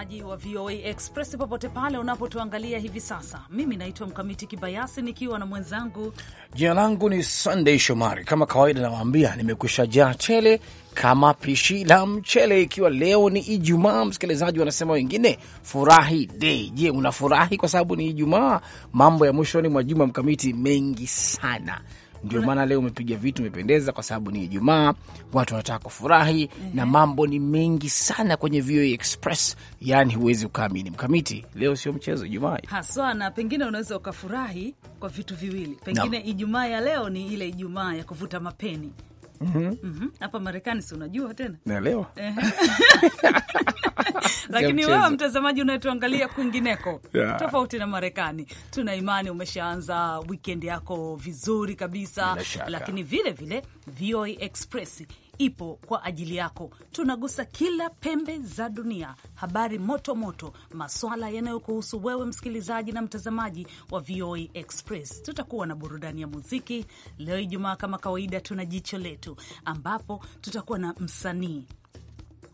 msikilizaji wa VOA Express popote pale unapotuangalia hivi sasa. Mimi naitwa Mkamiti Kibayasi nikiwa na mwenzangu, jina langu ni Sunday Shomari. Kama kawaida, nawaambia nimekusha jaa tele kama pishi la mchele, ikiwa leo ni Ijumaa. Msikilizaji, wanasema wengine furahi dei. Je, unafurahi kwa sababu ni Ijumaa? Mambo ya mwishoni mwa juma, Mkamiti, mengi sana ndio maana leo umepiga vitu umependeza, kwa sababu ni Ijumaa, watu wanataka kufurahi mm -hmm. na mambo ni mengi sana kwenye VOA Express, yaani huwezi ukaamini. Mkamiti, leo sio mchezo, Ijumaa haswa, na pengine unaweza ukafurahi kwa vitu viwili, pengine Ijumaa ya leo ni ile Ijumaa ya kuvuta mapeni Mhm. Mhm. hapa Marekani si unajua tena, naelewa lakini wewe mtazamaji unayetuangalia kwingineko yeah. tofauti na Marekani, tuna imani umeshaanza wikendi yako vizuri kabisa, lakini vile vile VOA Express ipo kwa ajili yako. Tunagusa kila pembe za dunia, habari moto moto, maswala yanayokuhusu wewe msikilizaji na mtazamaji wa VOA Express. Tutakuwa na burudani ya muziki leo Ijumaa kama kawaida, tuna jicho letu, ambapo tutakuwa na msanii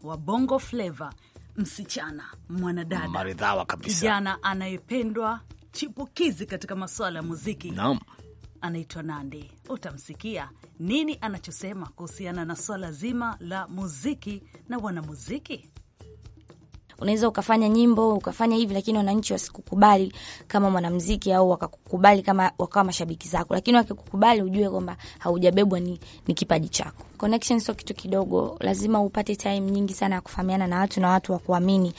wa Bongo Flava, msichana mwanadada maridhawa kabisa, kijana anayependwa chipukizi katika masuala ya muziki. Naam, anaitwa Nandi, utamsikia nini anachosema kuhusiana na swala zima la muziki na wanamuziki. Unaweza ukafanya nyimbo ukafanya hivi, lakini wananchi wasikukubali kama mwanamuziki au wakakukubali kama wakawa mashabiki zako, lakini wakikukubali ujue kwamba haujabebwa ni, ni kipaji chako. Connection sio kitu kidogo, lazima upate time nyingi sana ya kufahamiana na watu na watu wakuamini.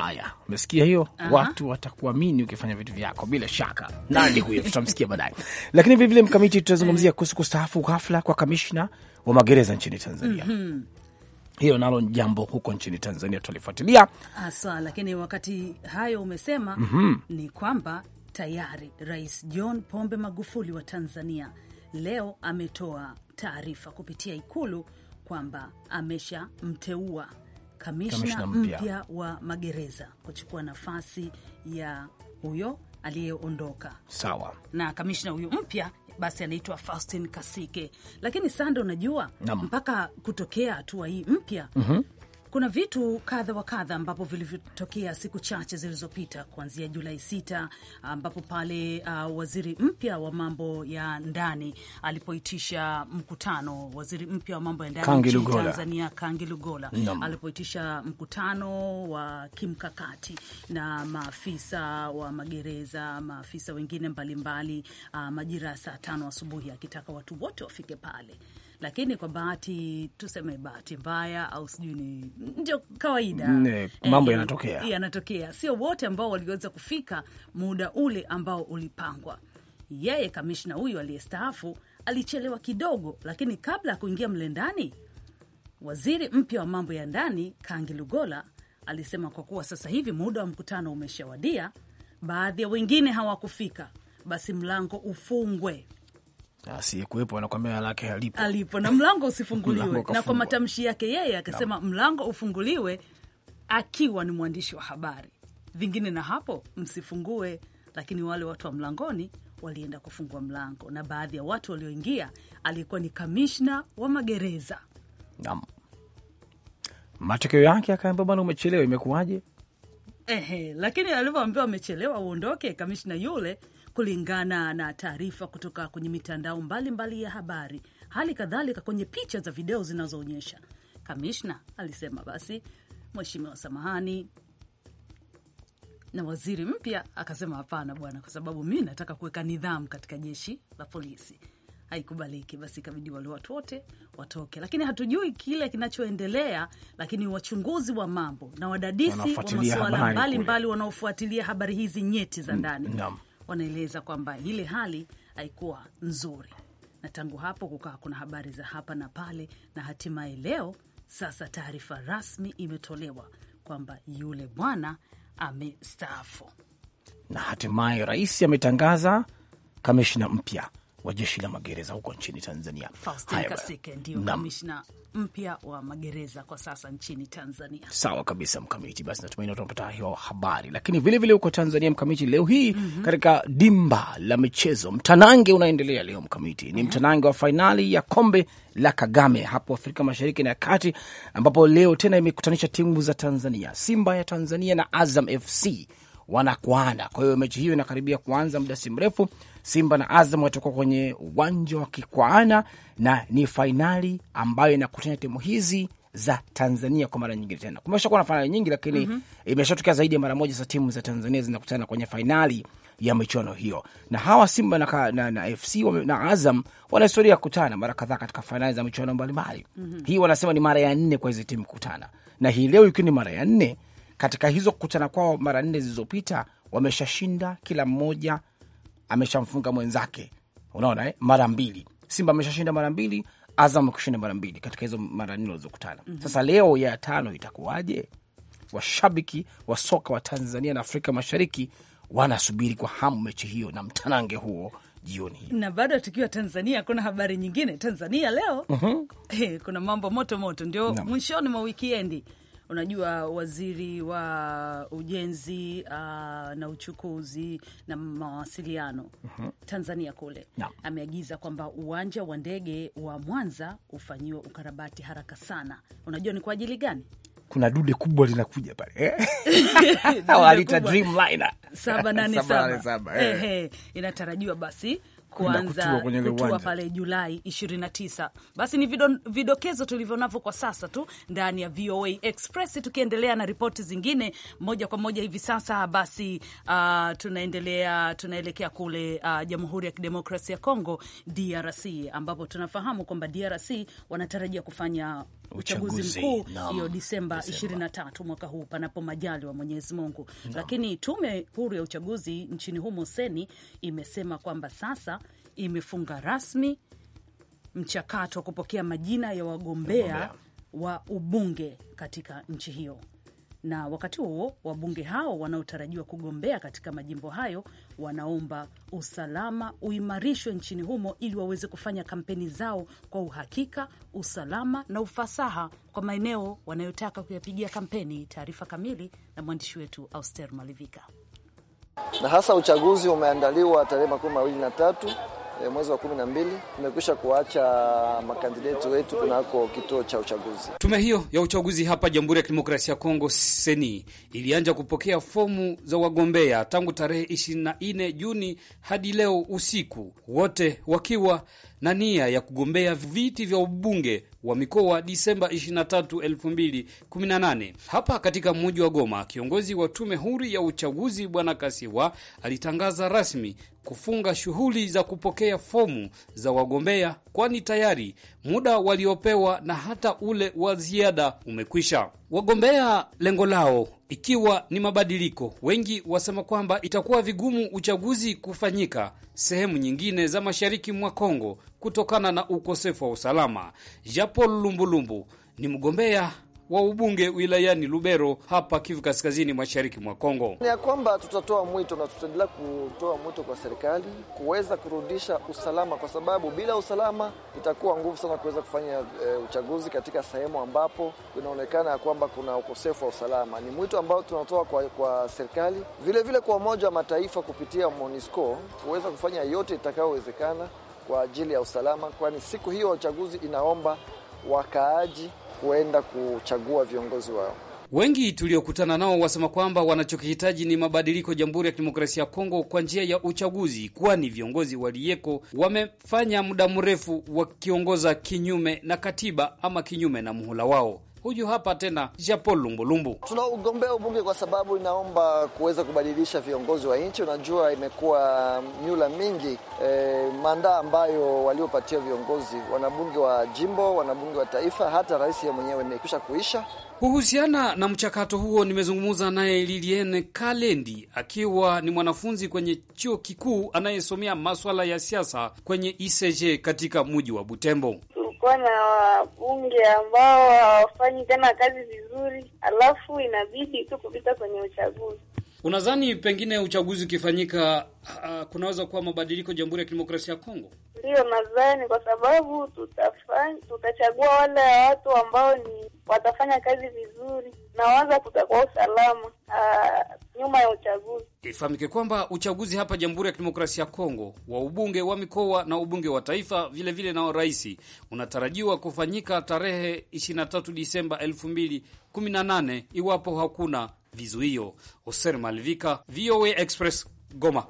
Haya, umesikia hiyo? uh -huh. Watu watakuamini ukifanya vitu vyako bila shaka. Nani huyo? tutamsikia baadaye, lakini vilevile mkamiti, tutazungumzia eh. kuhusu kustaafu ghafla kwa kamishna wa magereza nchini Tanzania. mm -hmm. Hiyo nalo jambo huko nchini Tanzania tulifuatilia haswa, lakini wakati hayo umesema, mm -hmm. ni kwamba tayari Rais John Pombe Magufuli wa Tanzania leo ametoa taarifa kupitia Ikulu kwamba ameshamteua kamishna mpya wa magereza kuchukua nafasi ya huyo aliyeondoka. Sawa. Na kamishna huyo mpya basi anaitwa Faustin Kasike. Lakini sanda unajua mpaka kutokea hatua hii mpya mm -hmm kuna vitu kadha wa kadha ambapo vilivyotokea siku chache zilizopita kuanzia Julai sita ambapo pale uh, waziri mpya wa mambo ya ndani alipoitisha mkutano, waziri mpya wa mambo ya ndani nchini Tanzania Kangi Lugola alipoitisha mkutano wa kimkakati na maafisa wa magereza, maafisa wengine mbalimbali mbali, uh, majira ya saa tano asubuhi akitaka watu wote wafike pale lakini kwa bahati tuseme bahati mbaya au sijui ni ndio kawaida ne, eh, mambo eh, yanatokea yanatokea. Sio wote ambao waliweza kufika muda ule ambao ulipangwa. Yeye kamishna huyu aliyestaafu alichelewa kidogo, lakini kabla ya kuingia mle ndani, waziri mpya wa mambo ya ndani Kangi Lugola alisema kwa kuwa sasa hivi muda wa mkutano umeshawadia, baadhi ya wengine hawakufika, basi mlango ufungwe asiyekuwepo anakwambia lake halipo, alipo na mlango usifunguliwe. mlango na kwa matamshi yake yeye akasema mlango ufunguliwe akiwa ni mwandishi wa habari, vingine na hapo msifungue. Lakini wale watu wa mlangoni walienda kufungua mlango, na baadhi ya watu walioingia alikuwa ni kamishna wa magereza. Naam, matokeo yake akaambia, bwana, umechelewa, imekuwaje? Ehe, lakini alivyoambiwa amechelewa uondoke, kamishna yule kulingana na taarifa kutoka kwenye mitandao mbalimbali mbali ya habari, hali kadhalika kwenye picha za video zinazoonyesha. Kamishna alisema basi, mheshimiwa, samahani na waziri mpya akasema hapana bwana, kwa sababu mi nataka kuweka nidhamu katika jeshi la polisi, haikubaliki. Basi ikabidi wale watu wote watoke, lakini hatujui kile kinachoendelea. Lakini wachunguzi wa mambo na wadadisi wa masuala mbalimbali wanaofuatilia habari hizi nyeti za mm, ndani wanaeleza kwamba ile hali haikuwa nzuri, na tangu hapo kukawa kuna habari za hapa na pale, na hatimaye leo sasa taarifa rasmi imetolewa kwamba yule bwana amestaafu, na hatimaye rais ametangaza kamishna mpya wa jeshi la magereza huko nchini Tanzania. Faustin Kasike ndio kamishna mpya wa magereza kwa sasa nchini Tanzania. Sawa kabisa Mkamiti, basi natumaini watu wanapata hiyo habari, lakini vilevile huko vile Tanzania Mkamiti, leo hii mm -hmm. katika dimba la michezo mtanange unaendelea leo Mkamiti, ni mhm. mtanange wa fainali ya kombe la Kagame hapo Afrika Mashariki na Kati, ambapo leo tena imekutanisha timu za Tanzania, Simba ya Tanzania na Azam FC wanakuana. Kwa hiyo mechi hiyo inakaribia kuanza muda si mrefu. Simba na Azam watakuwa kwenye uwanja wa Kikwaana na ni fainali ambayo inakutana timu hizi za Tanzania kwa mara nyingine tena. Kumesha kuwa na fainali nyingi, lakini mm -hmm. imeshatokea zaidi ya mara moja za timu za Tanzania zinakutana kwenye fainali ya michuano hiyo, na hawa Simba na, na, na FC na Azam wana historia ya kutana mara kadhaa katika fainali za michuano mbalimbali. mm -hmm. Hii wanasema ni mara ya nne kwa hizi timu kukutana, na hii leo ikiwa ni mara ya nne katika hizo kukutana kwao mara nne zilizopita wameshashinda, kila mmoja ameshamfunga mwenzake. Unaona eh? mara mbili Simba ameshashinda mara mbili, Azam kushinda mara mbili katika hizo mara nne walizokutana. mm -hmm. Sasa leo ya tano itakuwaje? Washabiki wa soka wa Tanzania na Afrika Mashariki wanasubiri kwa hamu mechi hiyo na mtanange huo jioni hii. Na bado tukiwa Tanzania, kuna habari nyingine Tanzania leo. mm -hmm. Eh, hey, kuna mambo moto moto ndio mwishoni mwa wikiendi Unajua waziri wa ujenzi uh, na uchukuzi na mawasiliano mm -hmm. Tanzania kule no. ameagiza kwamba uwanja wa ndege wa Mwanza ufanyiwe ukarabati haraka sana. Unajua ni kwa ajili gani? kuna dude kubwa linakuja pale walita Dreamliner saba nane saba eh, eh. Eh. inatarajiwa basi kuanza kutua pale Julai 29. Basi ni vidokezo tulivyo navyo kwa sasa tu ndani ya VOA Express, tukiendelea na ripoti zingine moja kwa moja hivi sasa. Basi uh, tunaendelea tunaelekea kule uh, Jamhuri ya Kidemokrasia ya Kongo DRC, ambapo tunafahamu kwamba DRC wanatarajia kufanya uchaguzi mkuu hiyo Disemba 23 mwaka huu, panapo wa Mwenyezi Mungu. Lakini tume huru ya uchaguzi nchini humo Seni imesema kwamba sasa imefunga rasmi mchakato wa kupokea majina ya wagombea wa ubunge katika nchi hiyo na wakati huo wabunge hao wanaotarajiwa kugombea katika majimbo hayo wanaomba usalama uimarishwe nchini humo ili waweze kufanya kampeni zao kwa uhakika, usalama na ufasaha kwa maeneo wanayotaka kuyapigia kampeni. Taarifa kamili na mwandishi wetu Auster Malivika. Na hasa uchaguzi umeandaliwa tarehe makumi mawili na tatu Eh, mwezi wa kumi na mbili tumekwisha kuacha makandideti wetu kunako kituo cha uchaguzi. Tume hiyo ya uchaguzi hapa Jamhuri ya Kidemokrasia ya Kongo seni ilianza kupokea fomu za wagombea tangu tarehe 24 Juni hadi leo usiku, wote wakiwa na nia ya kugombea viti vya ubunge wa mikoa Disemba 23, 2018. Hapa katika mji wa Goma, kiongozi wa tume huru ya uchaguzi Bwana Kasiwa alitangaza rasmi kufunga shughuli za kupokea fomu za wagombea, kwani tayari muda waliopewa na hata ule wa ziada umekwisha. Wagombea lengo lao ikiwa ni mabadiliko, wengi wasema kwamba itakuwa vigumu uchaguzi kufanyika sehemu nyingine za mashariki mwa Kongo kutokana na ukosefu wa usalama. Japo Lumbulumbu ni mgombea wa ubunge wilayani Lubero hapa Kivu Kaskazini, mashariki mwa Kongo. Ni ya kwamba tutatoa mwito na tutaendelea kutoa mwito kwa serikali kuweza kurudisha usalama, kwa sababu bila usalama itakuwa nguvu sana kuweza kufanya e, uchaguzi katika sehemu ambapo inaonekana ya kwamba kuna ukosefu wa usalama. Ni mwito ambao tunatoa kwa, kwa serikali vilevile vile kwa Umoja wa Mataifa kupitia MONUSCO kuweza kufanya yote itakayowezekana kwa ajili ya usalama, kwani siku hiyo ya uchaguzi inaomba wakaaji kuenda kuchagua viongozi wao. Wengi tuliokutana nao wasema kwamba wanachokihitaji ni mabadiliko Jamhuri ya Kidemokrasia ya Kongo kwa njia ya uchaguzi, kwani viongozi waliyeko wamefanya muda mrefu wakiongoza kinyume na katiba ama kinyume na muhula wao. Huyu hapa tena Jean-Paul Lumbulumbu. Tunaugombea ubunge kwa sababu inaomba kuweza kubadilisha viongozi wa nchi. Unajua, imekuwa nyula mingi e, eh, maandaa ambayo waliopatia viongozi wanabunge wa jimbo, wanabunge wa taifa, hata rais mwenyewe imekwisha kuisha. Kuhusiana na mchakato huo nimezungumza naye Liliene Kalendi akiwa ni mwanafunzi kwenye chuo kikuu anayesomea maswala ya siasa kwenye ICG katika muji wa Butembo kunakuwa na wabunge ambao hawafanyi tena kazi vizuri, alafu inabidi tu kupita kwenye uchaguzi. Unadhani pengine uchaguzi ukifanyika, uh, kunaweza kuwa mabadiliko Jamhuri ya Kidemokrasia ya Kongo? Ndiyo, nadhani kwa sababu tutafanya tutachagua wale watu ambao ni watafanya kazi vizuri na waanza kutakuwa usalama ah, nyuma ya uchaguzi. Ifahamike kwamba uchaguzi hapa Jamhuri ya Kidemokrasia ya Kongo wa ubunge wa mikoa na ubunge wa taifa vilevile vile na rais unatarajiwa kufanyika tarehe 23 Disemba 2018 iwapo hakuna vizuio. Hoser Malvika, VOA Express, Goma.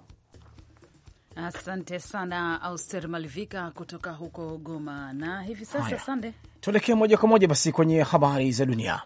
Asante sana Auster Malivika kutoka huko Goma. Na hivi sasa, Sande, tuelekee moja kwa moja basi kwenye habari za dunia.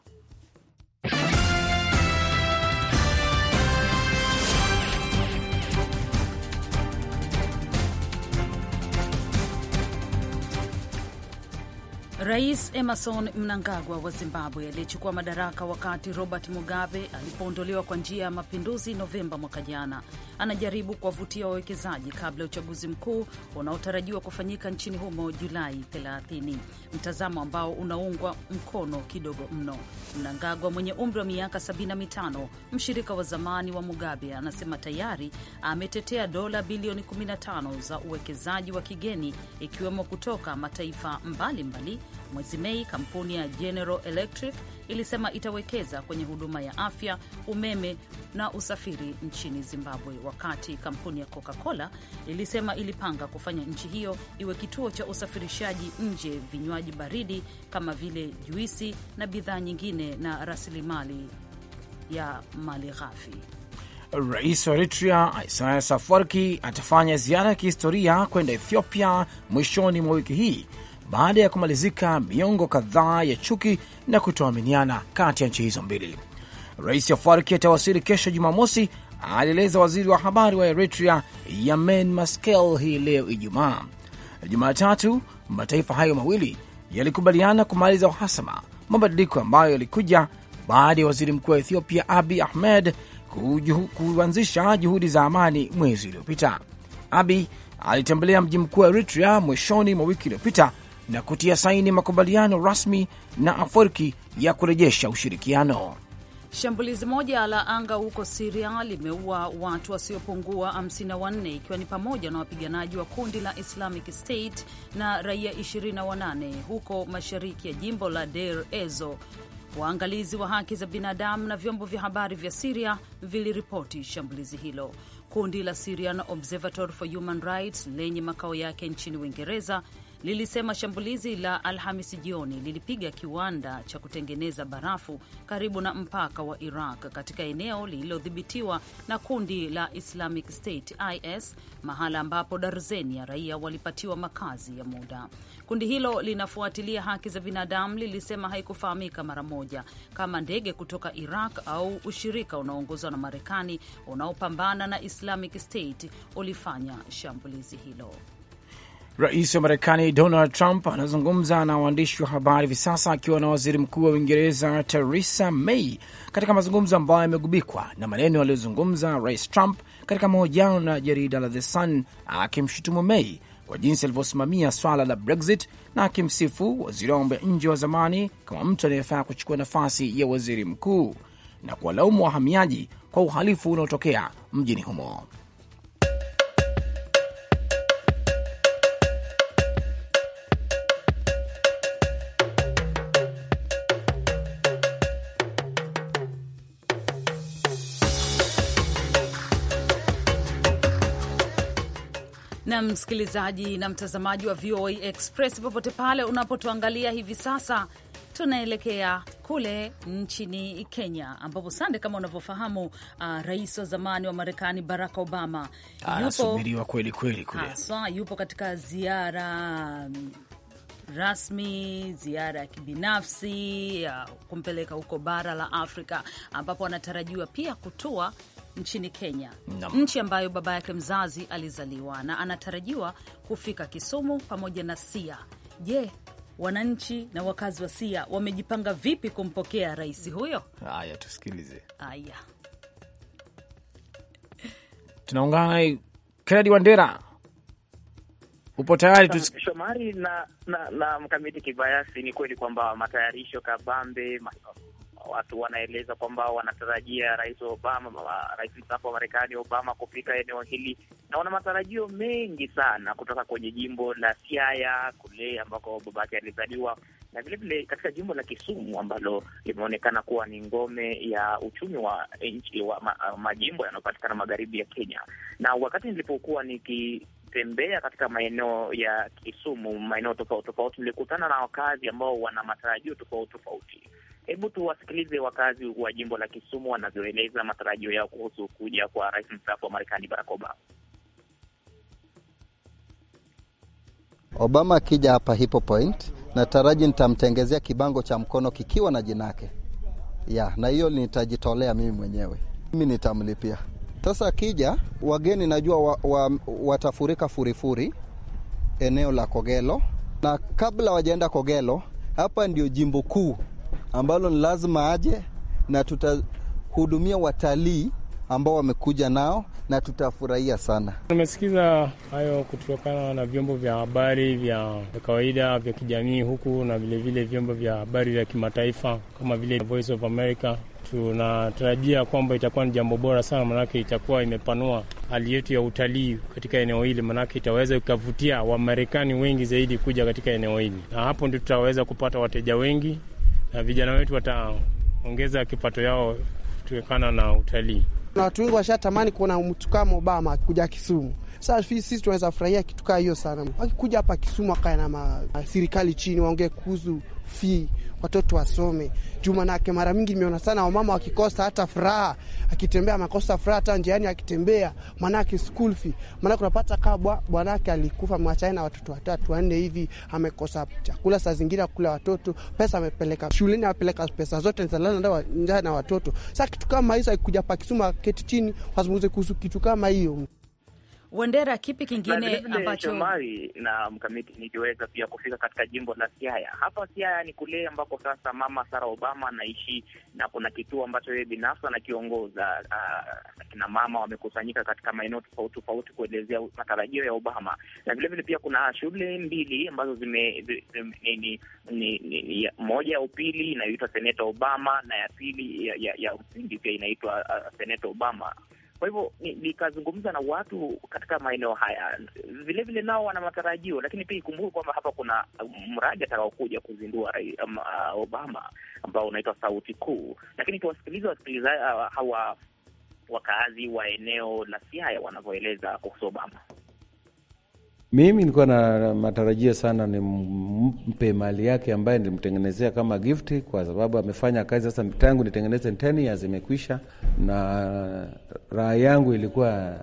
Rais Emerson Mnangagwa wa Zimbabwe aliyechukua madaraka wakati Robert Mugabe alipoondolewa kwa njia ya mapinduzi Novemba mwaka jana, anajaribu kuwavutia wawekezaji kabla ya uchaguzi mkuu unaotarajiwa kufanyika nchini humo Julai 30, mtazamo ambao unaungwa mkono kidogo mno. Mnangagwa mwenye umri wa miaka 75, mshirika wa zamani wa Mugabe, anasema tayari ametetea dola bilioni 15 za uwekezaji wa kigeni, ikiwemo kutoka mataifa mbalimbali mbali, Mwezi Mei, kampuni ya General Electric ilisema itawekeza kwenye huduma ya afya, umeme na usafiri nchini Zimbabwe, wakati kampuni ya Coca-Cola ilisema ilipanga kufanya nchi hiyo iwe kituo cha usafirishaji nje vinywaji baridi kama vile juisi na bidhaa nyingine na rasilimali ya mali ghafi. Rais wa Eritrea Isaias Afwerki atafanya ziara ya kihistoria kwenda Ethiopia mwishoni mwa wiki hii baada ya kumalizika miongo kadhaa ya chuki na kutoaminiana kati ya nchi hizo mbili. Rais Afwerki atawasili kesho Jumamosi, alieleza waziri wa habari wa Eritrea Yamen Maskel hii leo Ijumaa. Jumatatu mataifa hayo mawili yalikubaliana kumaliza uhasama, mabadiliko ambayo yalikuja baada ya waziri mkuu wa Ethiopia Abi Ahmed kuanzisha juhudi za amani mwezi uliopita. Abi alitembelea mji mkuu wa Eritrea mwishoni mwa wiki iliyopita na kutia saini makubaliano rasmi na Afriki ya kurejesha ushirikiano. Shambulizi moja la anga huko Siria limeua watu wasiopungua 54 ikiwa ni pamoja na wapiganaji wa kundi la Islamic State na raia 28 huko mashariki ya jimbo la Deir Ezo. Waangalizi wa haki za binadamu na vyombo vya habari vya Siria viliripoti shambulizi hilo. Kundi la Syrian Observatory for Human Rights lenye makao yake nchini Uingereza lilisema shambulizi la Alhamisi jioni lilipiga kiwanda cha kutengeneza barafu karibu na mpaka wa Iraq katika eneo lililodhibitiwa na kundi la Islamic State IS, mahala ambapo darzeni ya raia walipatiwa makazi ya muda. Kundi hilo linafuatilia haki za binadamu lilisema haikufahamika mara moja kama ndege kutoka Iraq au ushirika unaoongozwa na Marekani unaopambana na Islamic State ulifanya shambulizi hilo. Rais wa Marekani Donald Trump anazungumza na waandishi wa habari hivi sasa akiwa na waziri mkuu wa Uingereza Theresa May katika mazungumzo ambayo yamegubikwa na maneno aliyozungumza Rais Trump katika mahojiano na jarida la The Sun akimshutumu May kwa jinsi alivyosimamia swala la Brexit na akimsifu waziri wa mambo ya nje wa zamani kama mtu anayefaa kuchukua nafasi ya waziri mkuu na kuwalaumu wahamiaji kwa uhalifu unaotokea mjini humo. sana msikilizaji na mtazamaji wa VOA Express popote pale unapotuangalia hivi sasa, tunaelekea kule nchini Kenya ambapo sande, kama unavyofahamu, uh, rais wa zamani wa Marekani Barack Obama ah, anasubiriwa kweli kweli kule haswa, yupo katika ziara um, rasmi ziara ya kibinafsi ya kumpeleka huko bara la Afrika ambapo anatarajiwa pia kutua nchini Kenya no. nchi ambayo baba yake mzazi alizaliwa na anatarajiwa kufika Kisumu pamoja na Sia. Je, wananchi na wakazi wa Sia wamejipanga vipi kumpokea rais huyo? Haya, tusikilize. Haya, tunaungana Kennedy Wandera, upo tayari tu... Shomari na, na, na mkamiti kibayasi. Ni kweli kwamba matayarisho kabambe watu wanaeleza kwamba wanatarajia rais Obama, rais mstaafu wa Marekani Obama kupika eneo hili, na wana matarajio mengi sana kutoka kwenye jimbo la Siaya kule ambako babake alizaliwa na vilevile katika jimbo la Kisumu ambalo limeonekana kuwa ni ngome ya uchumi wa nchi wa ma, majimbo yanayopatikana magharibi ya Kenya. Na wakati nilipokuwa nikitembea katika maeneo ya Kisumu, maeneo tofauti tofauti, nilikutana na wakazi ambao wana matarajio tofauti tofauti. Hebu tuwasikilize wakazi wa jimbo la Kisumu wanavyoeleza matarajio yao kuhusu kuja kwa rais mstaafu wa Marekani Barack Obama. Obama akija hapa Hippo Point nataraji nitamtengezea kibango cha mkono kikiwa na jina yake ya, na hiyo nitajitolea mimi mwenyewe, mimi nitamlipia. Sasa akija wageni najua wa, wa, watafurika furifuri eneo la Kogelo, na kabla wajaenda Kogelo, hapa ndio jimbo kuu ambalo ni lazima aje, na tutahudumia watalii ambao wamekuja nao na tutafurahia sana. Tumesikiza hayo kutokana na vyombo vya habari vya kawaida vya kijamii huku na vilevile vyombo vya habari vya kimataifa kama vile Voice of America. Tunatarajia kwamba itakuwa ni jambo bora sana, maanake itakuwa imepanua hali yetu ya utalii katika eneo hili, maanake itaweza ikavutia Wamarekani wengi zaidi kuja katika eneo hili, na hapo ndio tutaweza kupata wateja wengi na vijana wetu wataongeza kipato yao kutokana na utalii. Na watu wengi washatamani kuona mtu kama Obama akikuja Kisumu. Sasa sisi tunaweza furahia kitu kaa hiyo sana. Wakikuja hapa Kisumu wakae na serikali chini, waongee kuhusu fii watoto wasome juu, manake mara mingi nimeona sana wamama wakikosa hata furaha, akitembea amakosa furaha hata njiani akitembea, manake school fee, manake unapata kabwa bwanake alikufa mwachae na watoto watatu wanne hivi, amekosa chakula, saa zingine akula watoto pesa, amepeleka shuleni, amepeleka pesa zote nzalana njaa na watoto. Sasa kitu kama hizo haikuja pa Kisuma, keti chini wazungumze kuhusu kitu kama hiyo. Wandera, kipi kingine ambacho Shomari na mkamiti, nikiweza pia kufika katika jimbo la Siaya. Hapa Siaya ni kule ambako sasa mama Sarah Obama anaishi na kuna kituo ambacho yeye binafsi anakiongoza. Ah, kina mama wamekusanyika katika maeneo tofauti tofauti kuelezea matarajio ya Obama, na vilevile pia kuna shule mbili ambazo zime moja ya upili inayoitwa Seneta Obama na ya pili ya msingi pia inaitwa ah, Seneta Obama kwa hivyo nikazungumza ni na watu katika maeneo haya, vilevile nao wana matarajio, lakini pia ikumbuke kwamba hapa kuna mradi atakaokuja kuzindua um, uh, Obama ambao unaitwa Sauti Kuu, lakini tuwasikiliza wasikilizaji uh, hawa wakaazi wa eneo la Siaya wanavyoeleza kuhusu Obama. Mimi nilikuwa na matarajio sana nimpe mali yake ambaye nilimtengenezea kama gifti, kwa sababu amefanya kazi sasa tangu nitengeneze ten years imekwisha, na raha yangu ilikuwa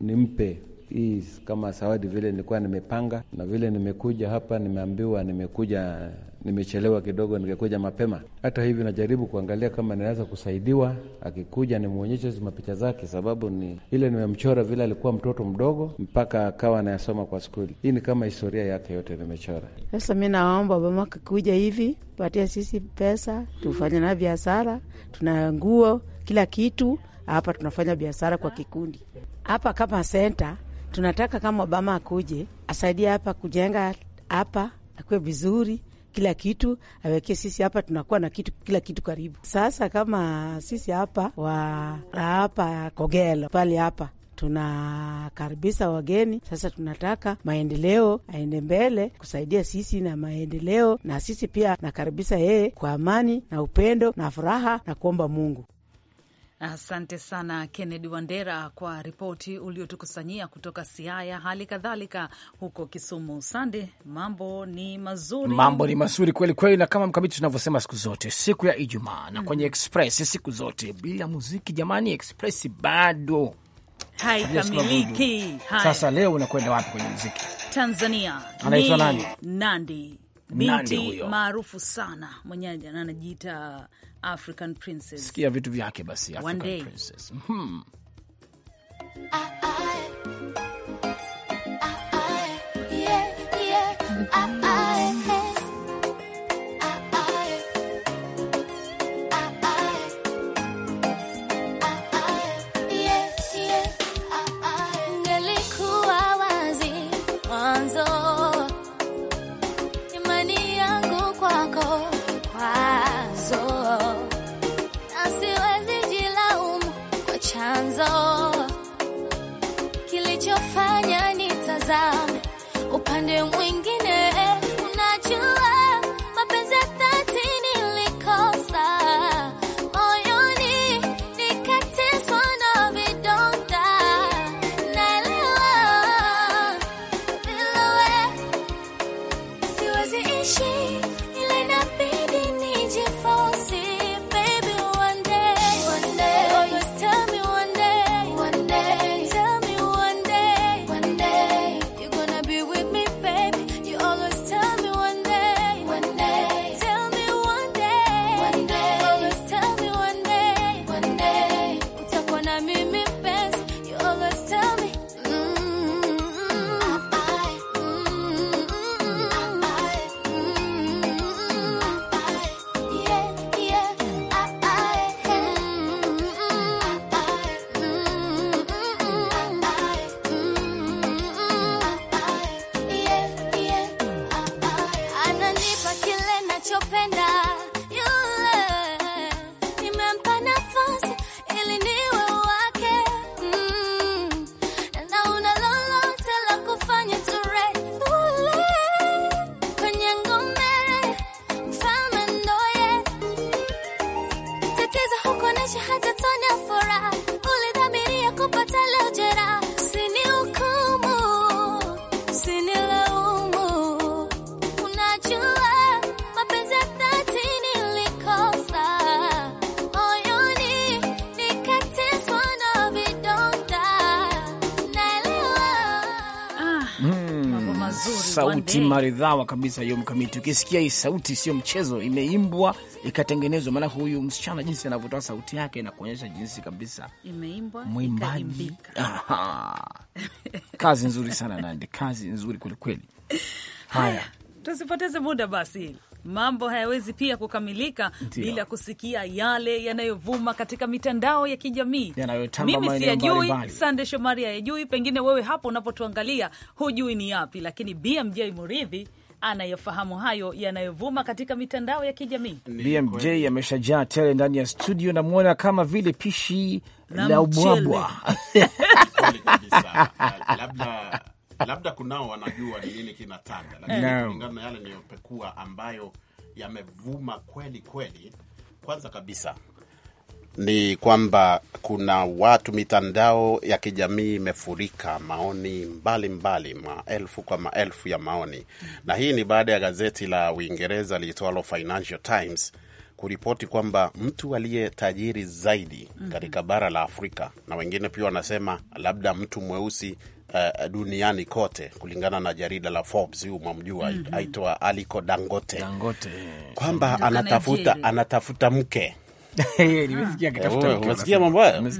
nimpe hii kama zawadi vile nilikuwa nimepanga, na vile nimekuja hapa nimeambiwa nimekuja nimechelewa kidogo, ningekuja mapema. Hata hivi najaribu kuangalia kama ninaweza kusaidiwa. Akikuja nimwonyeshe mapicha zake, sababu ni ile nimemchora vile alikuwa mtoto mdogo mpaka akawa anayasoma kwa skuli. Hii ni kama historia yake yote nimechora. Sasa mi nawaomba mama kikuja hivi patia sisi pesa tufanye na biashara, tuna nguo kila kitu hapa, tunafanya biashara kwa kikundi hapa kama senta tunataka kama Obama akuje asaidia hapa kujenga hapa, akuwe vizuri kila kitu awekee sisi hapa, tunakuwa na kitu kila kitu karibu. Sasa kama sisi hapa wa hapa Kogelo pale hapa tunakaribisha wageni sasa. Tunataka maendeleo aende mbele kusaidia sisi na maendeleo, na sisi pia nakaribisha yeye kwa amani na upendo na furaha na kuomba Mungu. Asante sana Kennedy Wandera kwa ripoti uliotukusanyia kutoka Siaya, hali kadhalika huko Kisumu. Sande, mambo ni mazuri, mambo ni mazuri kweli kweli, na kama mkamiti tunavyosema siku zote, siku ya Ijumaa na mm. kwenye Express siku zote bila muziki, jamani, Express bado haikamiliki. Sasa leo unakwenda wapi kwenye muziki? Tanzania, anaitwa nani? Nandi binti maarufu sana mwenyeji anajiita African Princess. Sikia vitu vyake basi, African Princess. Hmm. Ah, ah. and wing sauti maridhawa kabisa hiyo mkamiti. Ukisikia hii sauti sio mchezo, imeimbwa ikatengenezwa. Maana huyu msichana jinsi anavyotoa sauti yake na kuonyesha jinsi kabisa imeimbwa, mwimbaji. Kazi nzuri sana Nandi, kazi nzuri kwelikweli. Haya, tusipoteze muda basi mambo hayawezi pia kukamilika bila kusikia yale yanayovuma katika mitandao ya kijamii. Mimi siyajui, Sande Shomari hayajui, pengine wewe hapo unapotuangalia hujui ni yapi, lakini BMJ Muridhi anayefahamu hayo yanayovuma katika mitandao ya kijamii. BMJ ameshajaa tele ndani ya studio, namwona kama vile pishi la ubwabwa. labda kunao wanajua ni nini kinatanda, lakini no. kulingana na yale niyopekua ambayo yamevuma kweli kweli, kwanza kabisa ni kwamba kuna watu, mitandao ya kijamii imefurika maoni mbalimbali mbali, maelfu kwa maelfu ya maoni, na hii ni baada ya gazeti la Uingereza liitwalo Financial Times kuripoti kwamba mtu aliye tajiri zaidi mm -hmm. katika bara la Afrika na wengine pia wanasema labda mtu mweusi Uh, duniani kote kulingana na jarida la Forbes, huyu mwamjua mm -hmm. aitwa Aliko Dangote, Dangote. kwamba anatafuta anatafuta mke Eh, umesikia mambo hayo?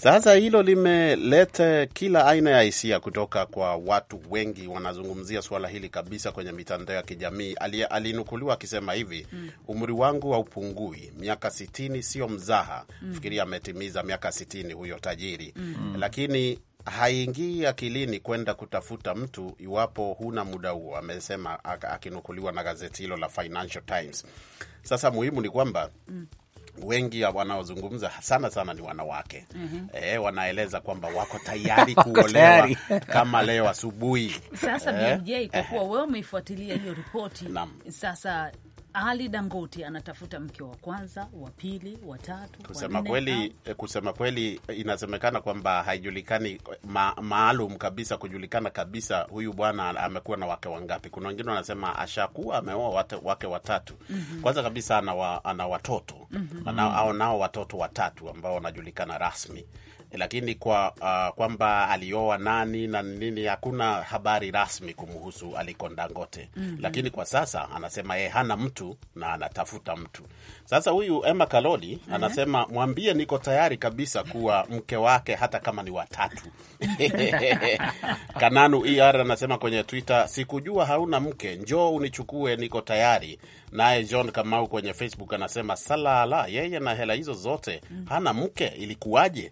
Sasa hilo limeleta kila aina ya hisia kutoka kwa watu wengi, wanazungumzia suala hili kabisa kwenye mitandao ya kijamii. Alinukuliwa akisema hivi, mm. umri wangu haupungui miaka sitini, sio mzaha. Mm. Fikiria ametimiza miaka sitini huyo tajiri mm. mm. lakini haingii akilini kwenda kutafuta mtu iwapo huna muda huo, amesema akinukuliwa na gazeti hilo la Financial Times. Sasa muhimu ni kwamba mm wengi wanaozungumza sana sana ni wanawake mm -hmm. E, wanaeleza kwamba wako tayari kuolewa kama leo asubuhi. Sasa eh, BMJ, kwa eh, kuwa wewe umeifuatilia hiyo ripoti, sasa ali Dangote anatafuta mke wa kwanza, wa pili, wa tatu. Kusema kweli, eh, kusema kweli, inasemekana kwamba haijulikani ma, maalum kabisa kujulikana kabisa huyu bwana amekuwa na wake wangapi. Kuna wengine wanasema ashakuwa ameoa wake watatu. mm -hmm. Kwanza kabisa ana, wa, ana watoto mm -hmm. Anao, nao watoto watatu ambao wanajulikana rasmi lakini kwa uh, kwamba alioa nani na nini, hakuna habari rasmi kumhusu Aliko Dangote mm -hmm. Lakini kwa sasa anasema yeye hana mtu na anatafuta mtu. Sasa huyu Emma Kaloli anasema mm -hmm. Mwambie niko tayari kabisa kuwa mke wake hata kama ni watatu. Kananu ER anasema kwenye Twitter, sikujua hauna mke, njoo unichukue, niko tayari. Naye John Kamau kwenye Facebook anasema salala, yeye na hela hizo zote mm. hana mke, ilikuwaje?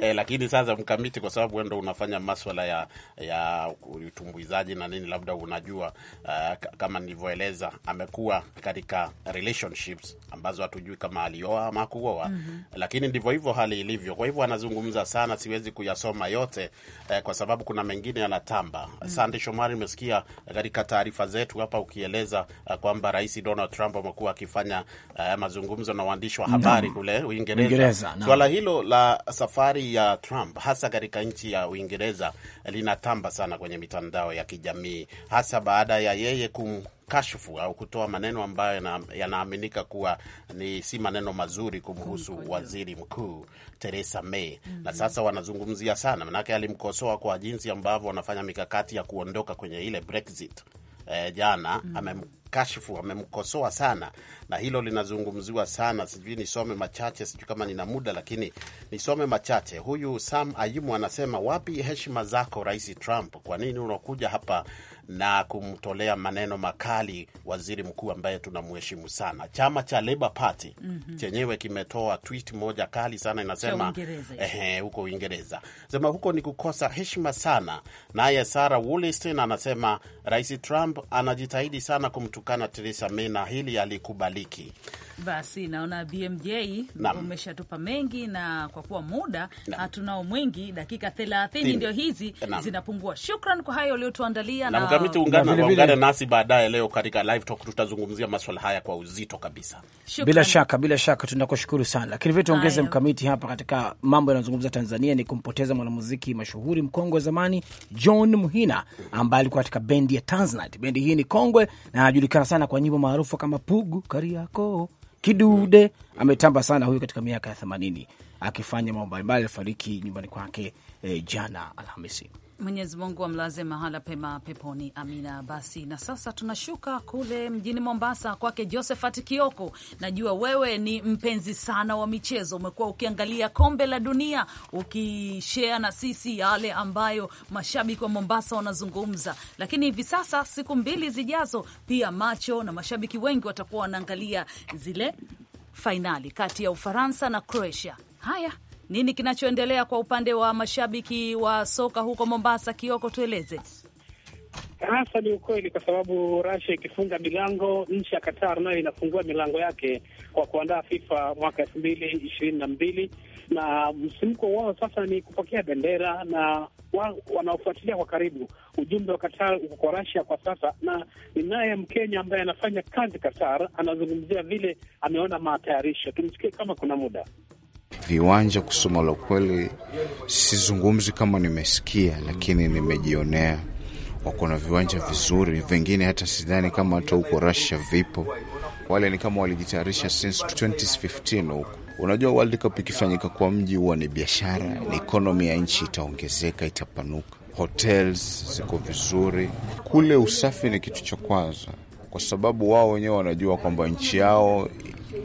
e, lakini sasa mkamiti, kwa sababu wendo unafanya maswala ya ya utumbuizaji na nini, labda unajua uh, kama nilivyoeleza, amekuwa katika relationships ambazo hatujui kama alioa ama kuoa mm -hmm. Lakini ndivyo hivyo hali ilivyo. Kwa hivyo anazungumza sana, siwezi kuyasoma yote eh, kwa sababu kuna mengine yanatamba mm -hmm. Sande Shomari, umesikia katika taarifa zetu hapa ukieleza uh, kwamba Rais Donald Trump amekuwa akifanya uh, mazungumzo na waandishi wa habari no. kule Uingereza. Swala hilo la safari ya Trump hasa katika nchi ya Uingereza linatamba sana kwenye mitandao ya kijamii hasa baada ya yeye kum kashfu au kutoa maneno ambayo yanaaminika kuwa ni si maneno mazuri kumhusu waziri mkuu Theresa May. mm -hmm. Na sasa wanazungumzia sana, manake alimkosoa kwa jinsi ambavyo wanafanya mikakati ya kuondoka kwenye ile Brexit. E, jana mm -hmm. amem amemkashifu, amemkosoa sana, na hilo linazungumziwa sana. Sijui nisome machache, sijui kama nina muda, lakini nisome machache. Huyu Sam Ayumu anasema, wapi heshima zako Rais Trump? Kwa nini unakuja hapa na kumtolea maneno makali waziri mkuu ambaye tunamheshimu sana. Chama cha Labour Party mm -hmm. chenyewe kimetoa tweet moja kali sana, inasema ehe, huko Uingereza sema huko ni kukosa heshima sana. Naye sara Wollaston anasema Rais Trump anajitahidi sana kumtukana Theresa May na hili alikubaliki. Basi naona BMJ na umeshatupa mengi, na kwa kuwa muda hatunao mwingi, dakika thelathini ndio hizi na zinapungua. Shukran kwa hayo uliotuandalia na mkamiti. Ungana nasi baadaye leo katika live talk, tutazungumzia maswala haya kwa uzito kabisa. Shukran. Bila shaka, bila shaka tunakushukuru sana, lakini vile tuongeze mkamiti hapa katika mambo yanayozungumza Tanzania ni kumpoteza mwanamuziki mashuhuri mkongwe wa zamani John Muhina ambaye alikuwa katika bendi ya Tanzanite. Bendi hii ni kongwe na anajulikana sana kwa nyimbo maarufu kama Pugu Kariakoo Kidude ametamba sana huyu katika miaka ya themanini akifanya mambo mbalimbali. Alifariki nyumbani kwake eh, jana Alhamisi. Mwenyezi Mungu amlaze mahala pema peponi. Amina. Basi na sasa tunashuka kule mjini Mombasa kwake Josephat Kioko. Najua wewe ni mpenzi sana wa michezo, umekuwa ukiangalia kombe la dunia, ukishea na sisi yale ambayo mashabiki wa Mombasa wanazungumza. Lakini hivi sasa, siku mbili zijazo, pia macho na mashabiki wengi watakuwa wanaangalia zile fainali kati ya Ufaransa na Croatia. Haya, nini kinachoendelea kwa upande wa mashabiki wa soka huko Mombasa? Kioko, tueleze. Hasa ni ukweli, kwa sababu Russia ikifunga milango, nchi ya Qatar nayo inafungua milango yake kwa kuandaa FIFA mwaka elfu mbili ishirini na mbili na msimko wao sasa ni kupokea bendera na wanaofuatilia kwa karibu. Ujumbe wa Qatar uko kwa Russia kwa sasa, na ninaye Mkenya ambaye anafanya kazi Qatar, anazungumzia vile ameona matayarisho. Tumsikie kama kuna muda viwanja kusoma. La kweli sizungumzi kama nimesikia, lakini nimejionea wako na viwanja vizuri, vingine hata sidhani kama hata huko Russia vipo. Wale ni kama walijitayarisha since 2015 huko. Unajua, World Cup ikifanyika kwa mji huwa ni biashara, ni ekonomi ya nchi itaongezeka, itapanuka. Hotels ziko vizuri kule, usafi ni kitu cha kwanza kwa sababu wao wenyewe wanajua kwamba nchi yao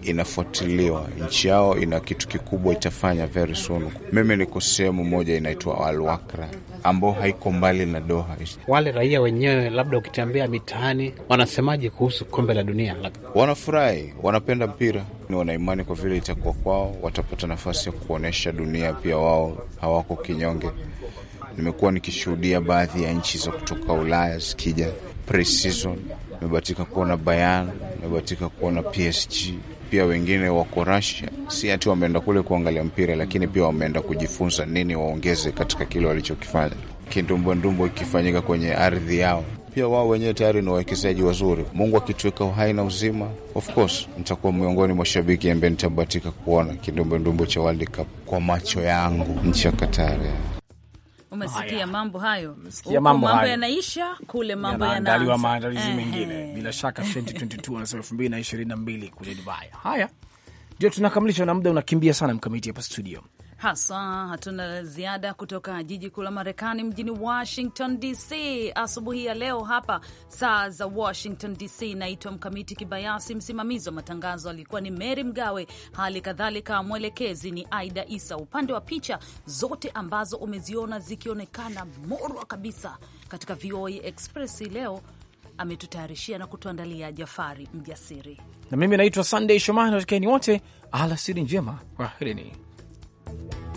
inafuatiliwa, nchi yao ina kitu kikubwa itafanya very soon. Mimi niko sehemu moja inaitwa Alwakra ambao haiko mbali na Doha. Wale raia wenyewe, labda ukitembea mitaani, wanasemaje kuhusu kombe la dunia? Wanafurahi, wanapenda mpira, wanaimani kwa vile itakuwa kwao, watapata nafasi ya kuonyesha dunia pia wao hawako kinyonge. Nimekuwa nikishuhudia baadhi ya nchi za kutoka Ulaya zikija pre-season nimebahatika kuona Bayern, nimebahatika kuona PSG pia. Wengine wako Russia, si ati wameenda kule kuangalia mpira, lakini pia wameenda kujifunza nini waongeze katika kile walichokifanya. Kindumbondumbo ikifanyika kwenye ardhi yao, pia wao wenyewe tayari ni wawekezaji wazuri. Mungu akituweka uhai na uzima, of course nitakuwa miongoni mwa shabiki ambaye nitabahatika kuona kindumbondumbo cha World Cup kwa macho yangu nchi ya Katari. Umesikia mambo hayo, mambo yanaisha kule, mambo yanaandaliwa maandalizi eh, mengine, eh. bila shaka 2022 anasema 2022 kule Dubai. Haya ndio tunakamilisha, na muda unakimbia sana mkamiti hapa studio haswa. Hatuna ziada kutoka jiji kuu la Marekani, mjini Washington DC. Asubuhi ya leo hapa saa za Washington DC, naitwa Mkamiti Kibayasi. Msimamizi wa matangazo alikuwa ni Mary Mgawe, hali kadhalika mwelekezi ni Aida Isa. Upande wa picha zote ambazo umeziona zikionekana morwa kabisa katika VOA Express leo ametutayarishia na kutuandalia Jafari Mjasiri, na mimi naitwa Sunday Shomari. Natakieni wote alasiri njema, kwaherini. Bye.